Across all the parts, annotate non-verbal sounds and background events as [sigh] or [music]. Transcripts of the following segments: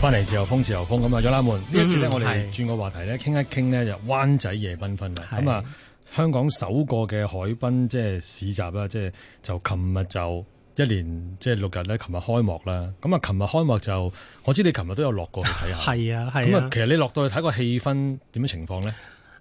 翻嚟自由風，自由風咁啊！左啦，門呢、嗯、一節咧，嗯、我哋轉個話題咧，傾一傾咧就灣仔夜繽紛啦。咁啊是、嗯，香港首個嘅海濱即係市集啦，即係就琴日就一連即係六日咧，琴日開幕啦。咁、嗯、啊，琴日開幕就我知你琴日都有落過去睇下。係啊，係啊。咁啊、嗯，其實你落到去睇個氣氛點樣情況咧？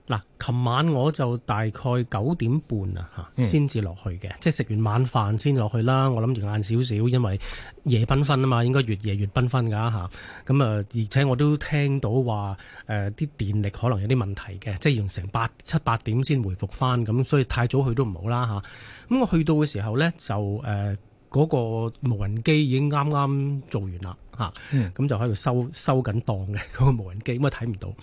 嗱，琴晚我就大概九點半啊，嚇、嗯，先至落去嘅，即係食完晚飯先落去啦。我諗住晏少少，因為夜繽紛啊嘛，應該越夜越繽紛㗎嚇。咁啊，而且我都聽到話，誒、呃、啲電力可能有啲問題嘅，即係用成八七八點先回覆翻，咁所以太早去都唔好啦嚇。咁、啊、我、啊、去到嘅時候呢，就誒嗰、呃那個無人機已經啱啱做完啦。嚇，咁、啊嗯、就喺度收收緊檔嘅嗰、那個無人機，咁啊睇唔到。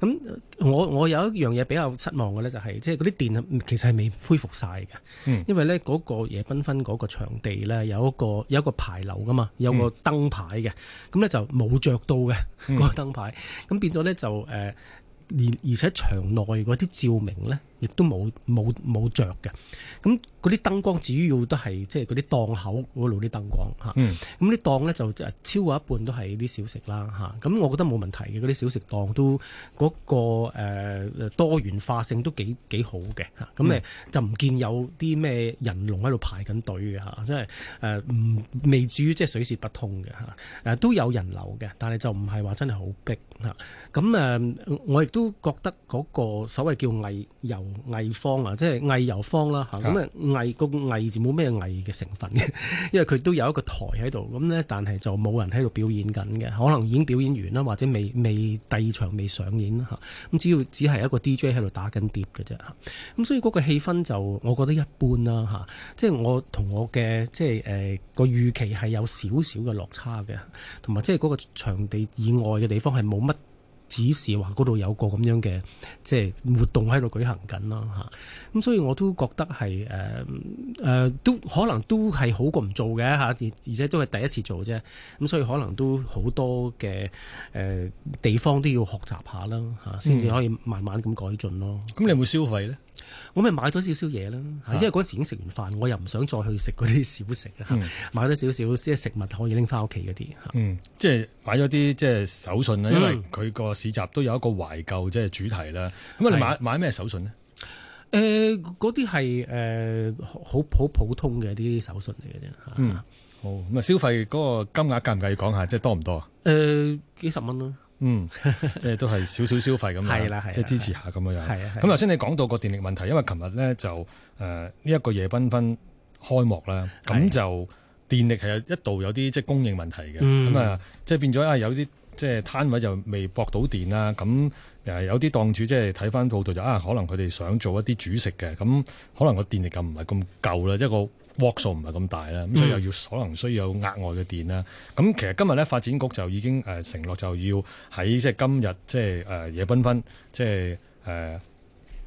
咁我我有一樣嘢比較失望嘅咧、就是，就係即係嗰啲電其實係未恢復晒嘅。嗯、因為咧嗰個夜繽紛嗰個場地咧，有一個有一個牌樓噶嘛，有個燈牌嘅，咁咧就冇着到嘅嗰個燈牌，咁、嗯、 [laughs] 變咗咧就誒，而、呃、而且場內嗰啲照明咧。亦都冇冇冇著嘅，咁嗰啲燈光主要都係即係嗰啲檔口嗰度啲燈光嚇，咁啲、嗯啊、檔咧就超過一半都係啲小食啦嚇，咁、啊、我覺得冇問題嘅嗰啲小食檔都嗰、嗰個、呃、多元化性都幾幾好嘅嚇，咁、啊、誒就唔見有啲咩人龍喺度排緊隊嘅嚇、啊，即係誒唔未至於即係水泄不通嘅嚇，誒、啊、都有人流嘅，但係就唔係話真係好逼嚇，咁、啊、誒、呃、我亦都覺得嗰個所謂叫藝遊。藝方啊，即係藝游方啦吓，咁啊藝個藝字冇咩藝嘅成分嘅， [laughs] 因為佢都有一個台喺度，咁咧但係就冇人喺度表演緊嘅，可能已經表演完啦，或者未未第二場未上演吓，咁只要只係一個 DJ 喺度打緊碟嘅啫吓，咁所以嗰個氣氛就我覺得一般啦吓，即係我同我嘅即係誒個預期係有少少嘅落差嘅，同埋即係嗰個場地以外嘅地方係冇乜。只係話嗰度有個咁樣嘅即係活動喺度舉行緊咯嚇，咁所以我都覺得係誒誒都可能都係好過唔做嘅嚇，而而且都係第一次做啫，咁所以可能都好多嘅誒地方都要學習下啦嚇，先至可以慢慢咁改進咯。咁、嗯、你有冇消費咧？我咪買咗少少嘢啦，因為嗰時已經食完飯，我又唔想再去食嗰啲小食。嗯、買咗少少即係食物可以拎翻屋企嗰啲，即係買咗啲即係手信啦，嗯、因為佢個市集都有一個懷舊即係主題啦。咁啊、嗯，你買的買咩手信呢？誒、呃，嗰啲係誒好好普通嘅啲手信嚟嘅啫。啊、嗯，好咁啊，消費嗰個金額介唔介意講下，即係多唔多啊？誒、呃，幾十蚊咯。 [laughs] 嗯，即係都係少少消費咁樣， [laughs] 的即係支持下咁樣樣。咁頭先你講到個電力問題，因為琴日咧就誒呢一個夜繽紛開幕啦，咁的就電力係有一度有啲即係供應問題嘅，咁啊、嗯、即係變咗啊有啲即係攤位就未駁到電啦。咁誒有啲檔主即係睇翻報道就啊，可能佢哋想做一啲煮食嘅，咁可能個電力就唔係咁夠啦，一個。樸數唔係咁大啦，咁所以又要可能需要有額外嘅電啦。咁其實今日咧發展局就已經誒、呃、承諾就要喺即係今日即係誒夜繽紛即係誒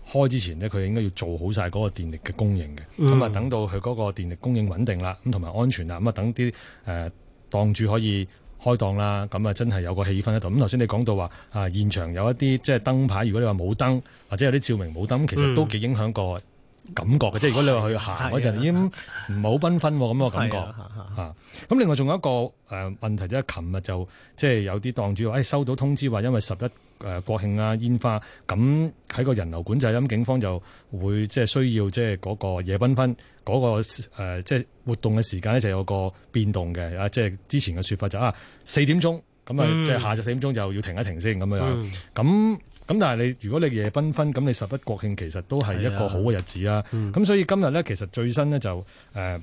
開之前咧，佢應該要做好晒嗰個電力嘅供應嘅。咁啊等到佢嗰個電力供應穩定啦，咁同埋安全啦，咁啊等啲誒、呃、檔主可以開檔啦。咁啊真係有個氣氛喺度。咁頭先你講到話啊、呃、現場有一啲即係燈牌，如果你話冇燈或者有啲照明冇燈，其實都幾影響個感覺嘅，即係如果你話去行嗰陣，已經唔係好繽紛咁嘅感覺嚇。咁的另外仲有一個誒問題，即係琴日就即係有啲檔主話，誒收到通知話，因為十一誒國慶啊煙花，咁喺個人流管制，咁警方就會即係需要即係嗰個夜繽紛嗰個誒即係活動嘅時間咧，就有個變動嘅啊，即係之前嘅説法就啊四點鐘。咁啊，嗯、即係下晝四點鐘就要停一停先咁、嗯、樣。咁咁，但係你如果你夜夜繽紛咁，你十一國慶其實都係一個好嘅日子啦。咁的所以今日咧，其實最新咧就誒、呃、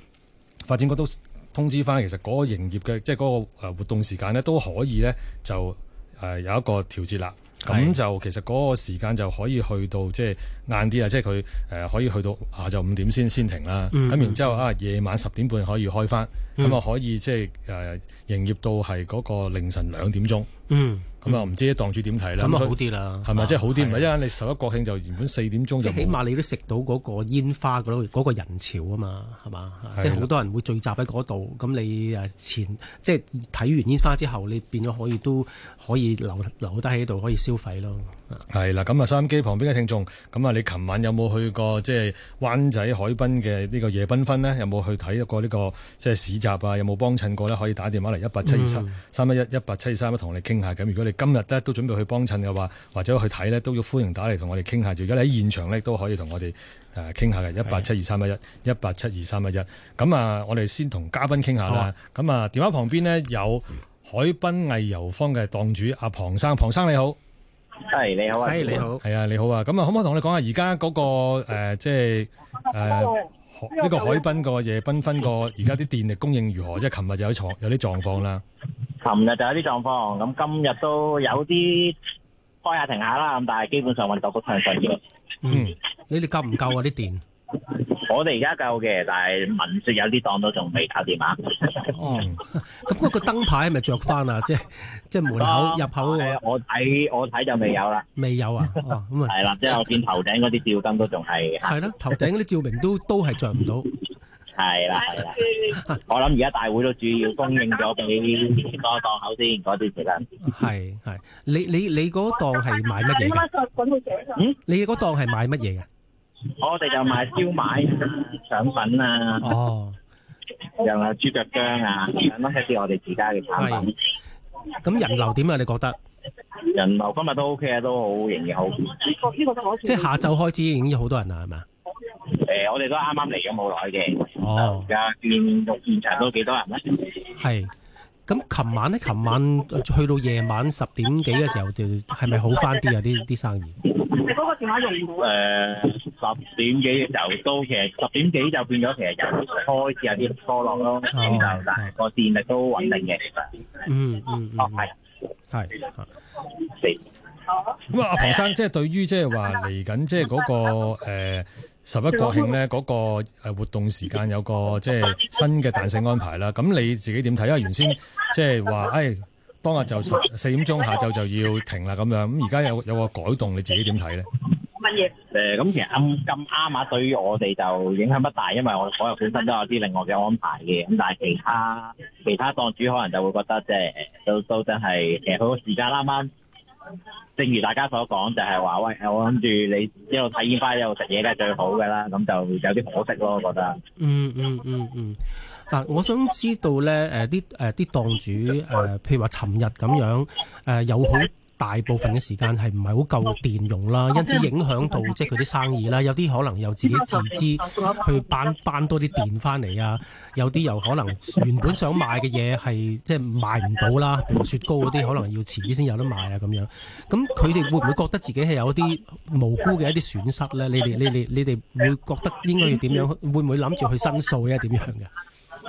發展局都通知翻，其實嗰個營業嘅即係嗰個活動時間咧都可以咧就誒、呃、有一個調節啦。咁的就其實嗰個時間就可以去到即係。晏啲啊，即係佢誒可以去到下晝五點先先停啦，咁、嗯、然之後啊夜晚十點半可以開返，咁啊、嗯、可以即係誒、呃、營業到係嗰個凌晨兩點鐘，嗯，咁啊唔知檔主點睇啦，咁啊好啲啦，係咪即係好啲？唔係因為你十一國慶就原本四點鐘就即起碼你都食到嗰個煙花嗰嗰、嗰個人潮啊嘛，係嘛？的即係好多人會聚集喺嗰度，咁你誒前即係睇完煙花之後，你變咗可以都可以留留低喺度可以消費咯。係啦，咁啊收音機旁邊嘅聽眾，咁啊。你琴晚有冇去過即係灣仔海濱嘅呢個夜繽紛呢？有冇去睇一過呢個即係市集啊？有冇幫襯過呢？可以打電話嚟一八七二三三一一一八七二三一同我哋傾下。咁如果你今日咧都準備去幫襯嘅話，或者去睇呢，都要歡迎打嚟同我哋傾下。如果你喺現場呢，都可以同我哋誒傾下嘅。一八七二三一一一八七二三一一，咁啊，我哋先同嘉賓傾下啦。咁啊、哦，電話旁邊呢，有海濱藝遊坊嘅檔主阿龐生，龐生你好。係你好啊！係、hey, 你好，係啊、hey, 你好啊！咁啊， [noise] yeah, 可唔可以同你講下而家嗰個誒、呃，即係誒呢個海濱個夜繽紛個，而家啲電力供應如何？即係琴日就有狀有啲狀況啦。琴日就有啲狀況，咁今日都有啲開下停下啦，咁但係基本上運作都挺順利嘅。嗯，你哋夠唔夠啊啲電？ [noise] 我哋而家夠嘅，但係聞說有啲檔都仲未搞掂啊。哦，咁嗰個燈牌係咪著翻啊？即係即係門口入口。我睇我睇就未有啦。未有啊？哦，咁啊。係啦，即係我見頭頂嗰啲吊燈都仲係。係咯，頭頂嗰啲照明都都係著唔到。係啦係啦，我諗而家大會都主要供應咗俾個檔口先，嗰啲先啦。係係，你你你嗰檔係買乜嘢嘅？嗯？你嗰檔係買乜嘢嘅？我哋就賣燒賣啊、腸粉啊，又係豬腳姜啊，咁多一啲我哋自家嘅產品。咁人流點啊？你覺得人流今日都 OK 啊，都好營業好。呢個呢個就好。即係下晝開始已經有好多人啦，係咪？誒，我哋都啱啱嚟咗冇耐嘅。哦，而家見個現場都幾多人咧？係咁，琴晚咧，琴晚去到夜晚十點幾嘅時候，就係咪好翻啲啊？啲啲生意。你嗰個電話用唔？誒。十點幾嘅時候都其實十點幾就變咗，其實有開始有啲波浪咯。咁但係個電力都穩定嘅。嗯嗯嗯，係係。咁啊，阿龐生，即係對於即係話嚟緊即係嗰個誒十一國慶咧，嗰個誒活動時間有個即係新嘅彈性安排啦。咁你自己點睇？因為原先即係話誒當日就十四點鐘下晝就要停啦咁樣。咁而家有有個改動，你自己點睇咧？誒，咁其實咁咁啱啊，對於我哋就影響不大，因為我所有本身都有啲另外嘅安排嘅。咁但係其他其他檔主可能就會覺得即係都都真係好多時間啱啱，正如大家所講，就係話喂，我諗住你一路體驗翻一路食嘢咧，最好噶啦。咁就有啲可惜咯，我覺得。嗯嗯嗯嗯。嗱，我想知道咧，誒啲誒啲檔主誒，譬如話尋日咁樣誒，有好。大部分嘅時間係唔係好夠電用啦，因此影響到即係佢啲生意啦。有啲可能又自己自資去搬搬多啲電翻嚟啊，有啲又可能原本想賣嘅嘢係即係賣唔到啦，譬如雪糕嗰啲可能要遲啲先有得賣啊咁樣。咁佢哋會唔會覺得自己係有啲無辜嘅一啲損失咧？你哋你哋你哋會覺得應該要點樣？會唔會諗住去申訴或者點樣嘅？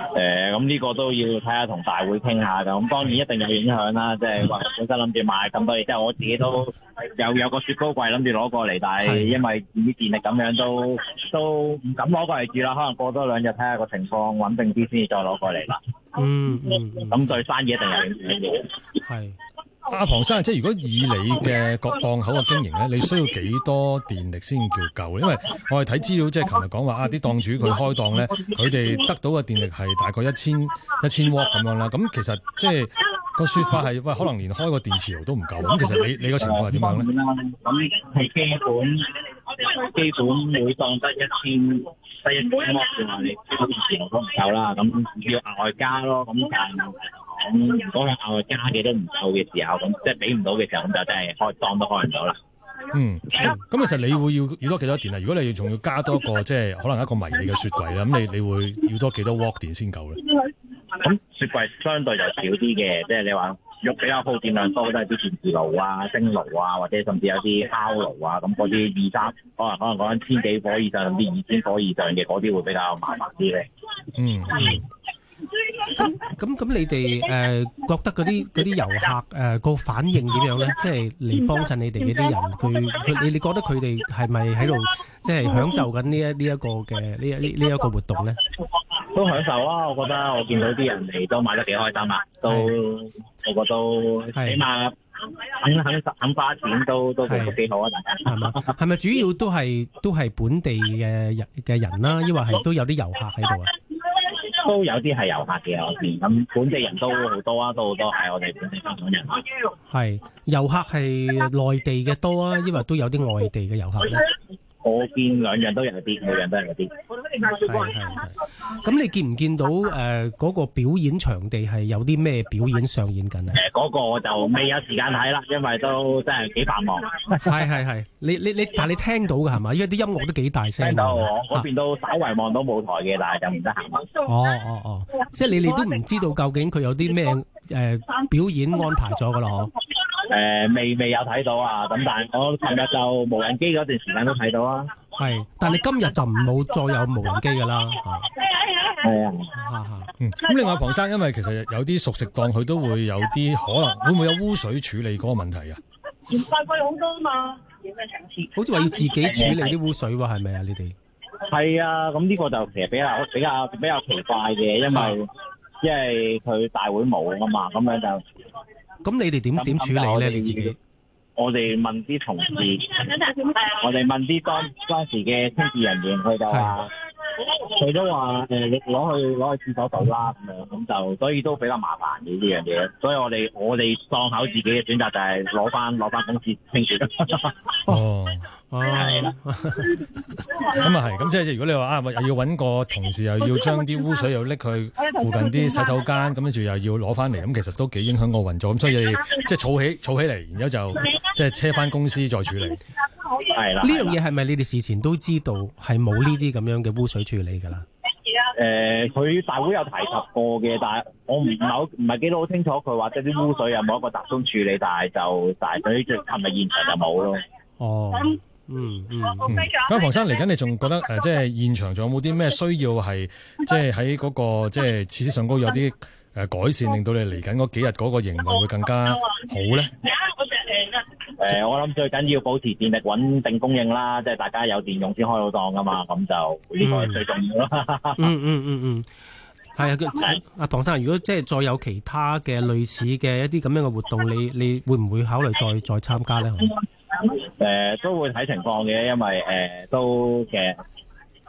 誒，咁呢、呃，這個都要睇下同大會傾下㗎，咁當然一定有，有影響啦， [laughs] 即係話本身諗住買咁多嘢，即係我自己都有有個雪糕櫃諗住攞過嚟，但係因為啲電力咁樣都，都都唔敢攞過嚟住啦，可能過多兩日睇下個情況穩定啲，先至再攞過嚟啦。嗯嗯，咁對生意一定有，有影響嘅，係。阿龐，啊、生，即係如果以你嘅各檔口嘅經營咧，你需要幾多電力先叫夠？因為我哋睇資料，即係琴日講話啊，啲檔主佢開檔咧，佢哋得到嘅電力係大概一千一千瓦咁樣啦。咁、嗯、其實即係個説法係，喂，可能連開個電磁爐都唔夠。咁、嗯、其實你你個情況係點樣咧？咁係基本，基本每檔得一千，得一千瓦，係基本電磁爐都唔夠啦。咁要額外加咯，咁但係。咁如果我加嘅都唔夠嘅時候，咁即係俾唔到嘅時候，咁就真係開檔都開唔到啦。嗯，咁其實你會要要多幾多電啊？如果你仲要加多一個，即係可能一個迷你嘅雪櫃啦，咁你你會要多幾多 w 瓦電先夠咧？咁雪櫃相對就少啲嘅，即係你話用比較耗電量多都係啲電磁爐啊、蒸爐啊，或者甚至有啲烤爐啊，咁嗰啲二三可能可能講緊千幾火以上，啲二千火以上嘅嗰啲會比較麻煩啲嘅。嗯。咁咁，你哋誒、呃、覺得嗰啲啲遊客誒、呃、個反應點樣咧？即係嚟幫襯你哋嗰啲人，佢你你覺得佢哋係咪喺度即係享受緊呢一呢一個嘅呢一呢呢一個活動咧？都享受啊！我覺得我見到啲人嚟都買得幾開心啊！都是我覺得都起碼肯肯，肯，肯花錢都都幾好啊！大家係咪？係咪 [laughs] 主要都係都係本地嘅人嘅人啦，抑或係都有啲遊客喺度啊？都有啲係遊客嘅我哋，咁本地人都好多啊，都好多係我哋本地香港人。係遊客，係內地嘅多啊，因為都有啲外地嘅遊客。我見兩樣都有啲，每樣都有啲。咁你見唔見到誒嗰、呃嗰個表演場地係有啲咩表演上演緊啊？誒嗰、呃嗰個我就未有時間睇啦，因為都真係幾繁忙。係係係。你你你，但係你聽到嘅係嘛？因為啲音樂都幾大聲。聽到我，我邊都稍為望到舞台嘅，啊、但係就唔得行。哦哦哦。即係你哋都唔知道究竟佢有啲咩誒表演安排咗㗎喇，誒、呃，未未有睇到啊，咁但係我尋日就無人機嗰段時間都睇到啊。係，但係你今日就唔好再有無人機噶啦。係、嗯、啊係啊係啊。嗯、咁、啊、另外，龐生，因為其實有啲熟食檔，佢都會有啲可能，會唔會有污水處理嗰個問題啊？電費貴好多嘛，好似話要自己處理啲污水喎，係咪啊？你哋？係啊，咁呢、啊、個就其實比較比較比較奇怪嘅，因為、啊、因為佢大會冇啊嘛，咁樣就。咁、嗯、你哋點點處理咧？你自己，我哋問啲同事，我哋問啲當當時嘅清潔人員，佢就話，除咗話誒，攞、呃、去攞去廁所倒啦，咁樣咁就，所以都比較麻煩嘅呢樣嘢。所以我哋我哋檔口自己嘅選擇就係攞翻攞翻公司清潔。哦哦，咁啊係，咁即係，如果你話啊，又要搵個同事，又要將啲污水又拎去附近啲洗手間，咁跟住又要攞翻嚟，咁其實都幾影響個運作。咁所以即係儲起儲起嚟，然後就即係車翻公司再處理。係啦，呢樣嘢係咪你哋事前都知道係冇呢啲咁樣嘅污水處理噶啦？誒、呃，佢大會有提及過嘅，但係我唔唔係好唔係幾多清楚。佢話即啲污水有冇一個集中處理，但係就大隊即係今日現場就冇咯。哦。嗯咁龐、嗯、生嚟緊，你仲覺得誒、呃，即係現場仲有冇啲咩需要係，即係喺嗰個即係設施上高有啲誒改善，令到你嚟緊嗰幾日嗰個營運會，會更加好咧？誒、呃，我諗最緊要保持電力穩定供應啦，即係大家有電用先開到檔噶嘛，咁就呢個係最重要啦。嗯嗯嗯嗯，係、嗯嗯嗯嗯、啊，阿、啊、龐生，如果即係再有其他嘅類似嘅一啲咁樣嘅活動，你你會唔會考慮再再參加咧？誒，都會睇情況嘅，因為誒都嘅，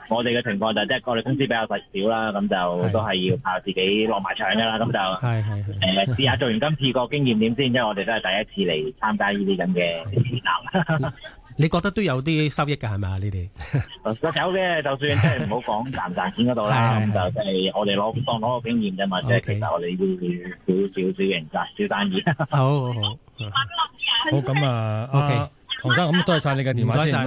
我哋嘅情況就即係我哋公司比較細少啦，咁就都係要靠自己落埋場噶啦，咁就係係誒試下做完今次個經驗點先，因為我哋都係第一次嚟參加呢啲咁嘅展覽。你覺得都有啲收益噶係咪啊？呢啲個走嘅，就算即係唔好講賺唔賺錢嗰度啦，咁就即係我哋攞當攞個經驗嘅嘛，即係其實我哋都少少少型雜小生意。好好好，好咁啊，OK。龐生，咁多謝晒你嘅電話先，唔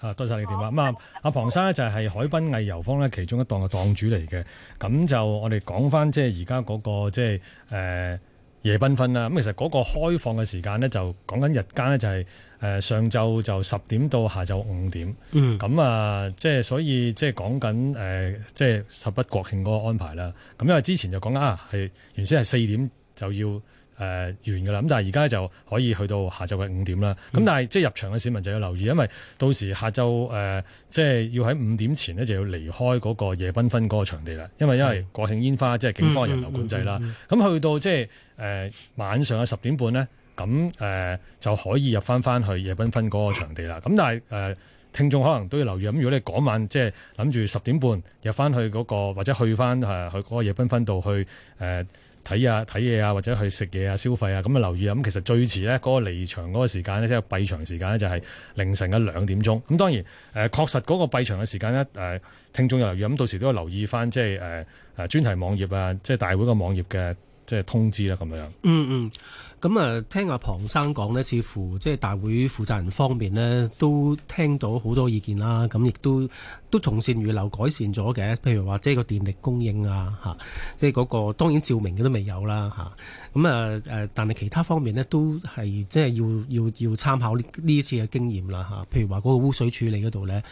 該多謝你嘅電話。咁、哦、啊，阿龐生咧就係海濱藝遊坊咧其中一檔嘅檔主嚟嘅。咁就我哋講翻，即係而家嗰個即係誒夜繽紛啦。咁其實嗰個開放嘅時間咧，就講緊日間咧就係、是、誒、呃、上晝就十點到下晝五點。嗯。咁啊，即、呃、係所以即係講緊誒，即、呃、係十不國慶嗰個安排啦。咁因為之前就講緊啊，係原先係四點就要。誒、呃、完㗎啦，咁但係而家就可以去到下晝嘅五點啦。咁、嗯、但係即係入場嘅市民就要留意，因為到時下晝誒、呃、即係要喺五點前呢就要離開嗰個夜繽紛嗰個場地啦。因為因為國慶煙花、嗯、即係警方人流管制啦。咁、嗯嗯嗯、去到即係誒、呃、晚上嘅十點半呢，咁、呃、誒就可以入翻翻去夜繽紛嗰個場地啦。咁、嗯、但係誒、呃、聽眾可能都要留意，咁如果你嗰晚即係諗住十點半入翻去嗰、那個或者去翻誒去嗰個夜繽紛度去誒。呃呃呃睇啊睇嘢啊，或者去食嘢啊、消費啊，咁啊留意。咁、嗯、其實最遲咧嗰、嗰個離場嗰個時間咧即係閉場時間咧，就係凌晨嘅兩點鐘。咁當然誒、呃、確實嗰個閉場嘅時間咧，誒、呃、聽眾又留意，咁、嗯、到時都要留意翻即係誒誒專題網頁啊即係大會個網頁嘅即係通知啦，咁樣嗯嗯咁啊、嗯、聽阿龐生講咧似乎即係大會負責人方面呢，都聽到好多意見啦咁亦都。都從善如流改善咗嘅，譬如話即係個電力供應啊，嚇、啊，即係嗰個當然照明嘅都未有啦，嚇、啊。咁啊誒、啊，但係其他方面呢，都係即係要要要參考呢一次嘅經驗啦，嚇、啊。譬如話嗰個污水處理嗰度咧，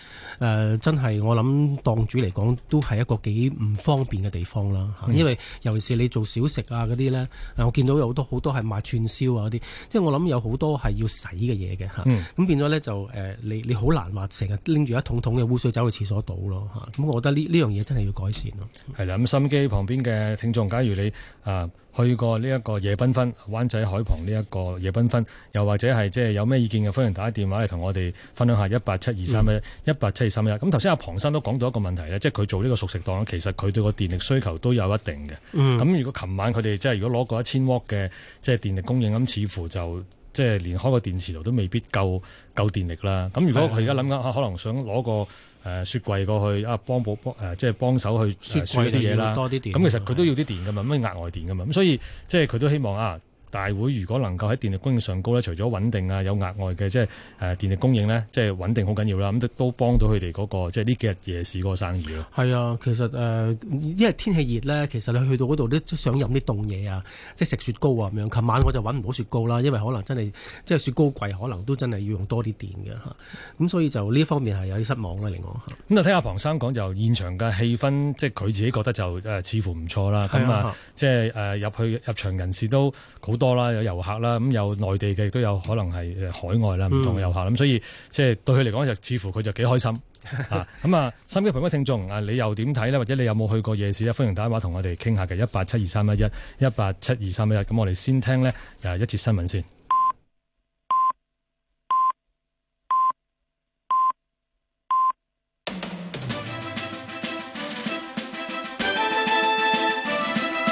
誒、啊、真係我諗檔主嚟講都係一個幾唔方便嘅地方啦，嚇、啊啊。因為尤其是你做小食啊嗰啲咧，我見到有好多好多係賣串燒啊嗰啲，即係我諗有好多係要洗嘅嘢嘅嚇，咁、啊、變咗咧就誒、呃、你你好難話成日拎住一桶桶嘅污水走去廁所。咗到咯嚇，咁我覺得呢呢樣嘢真係要改善咯。係啦，咁心機旁邊嘅聽眾，假如你啊、呃、去過呢一個夜繽紛灣仔海旁呢一個夜繽紛，又或者係即係有咩意見嘅，歡迎打電話嚟同我哋分享一下一八七二三一一八七二三一。咁頭先阿龐先生都講到一個問題咧，即係佢做呢個熟食檔，其實佢對個電力需求都有一定嘅。咁如果琴晚佢哋即係如果攞個一千瓦嘅即係電力供應，咁似乎就即係連開個電磁爐都未必夠夠電力啦。咁如果佢而家諗緊可能想攞個、嗯誒、呃、雪櫃過去啊，幫補、呃、幫誒，即係幫手去雪一啲嘢啦，多啲電。咁其實佢都要啲電㗎嘛，咩是的 額外電㗎嘛。咁所以即係佢都希望啊。大會如果能夠喺電力供應上高咧，除咗穩定啊，有額外嘅即係誒電力供應咧，即係穩定好緊要啦。咁都幫到佢哋嗰個即係呢幾日夜市嗰生意咯。係啊，其實誒、呃，因為天氣熱咧，其實你去到嗰度都想飲啲凍嘢啊，即係食雪糕啊咁樣。琴晚我就揾唔到雪糕啦，因為可能真係即係雪糕櫃，可能都真係要用多啲電嘅嚇。咁、啊、所以就呢方面係有啲失望啦，另外嚇。咁啊，睇下龐生講就現場嘅氣氛，即係佢自己覺得就誒、呃、似乎唔錯啦。咁啊，即係誒入去入場人士都好。多啦有遊客啦，咁有內地嘅，亦都有可能係海外啦，唔同嘅遊客咁，所以即係對佢嚟講就似乎佢就幾開心啊。咁啊，各位朋友聽眾啊，你又點睇咧？或者你有冇去過夜市咧？歡迎打電話同我哋傾下嘅一八七二三一一一八七二三一一。咁我哋先聽咧啊一節新聞先。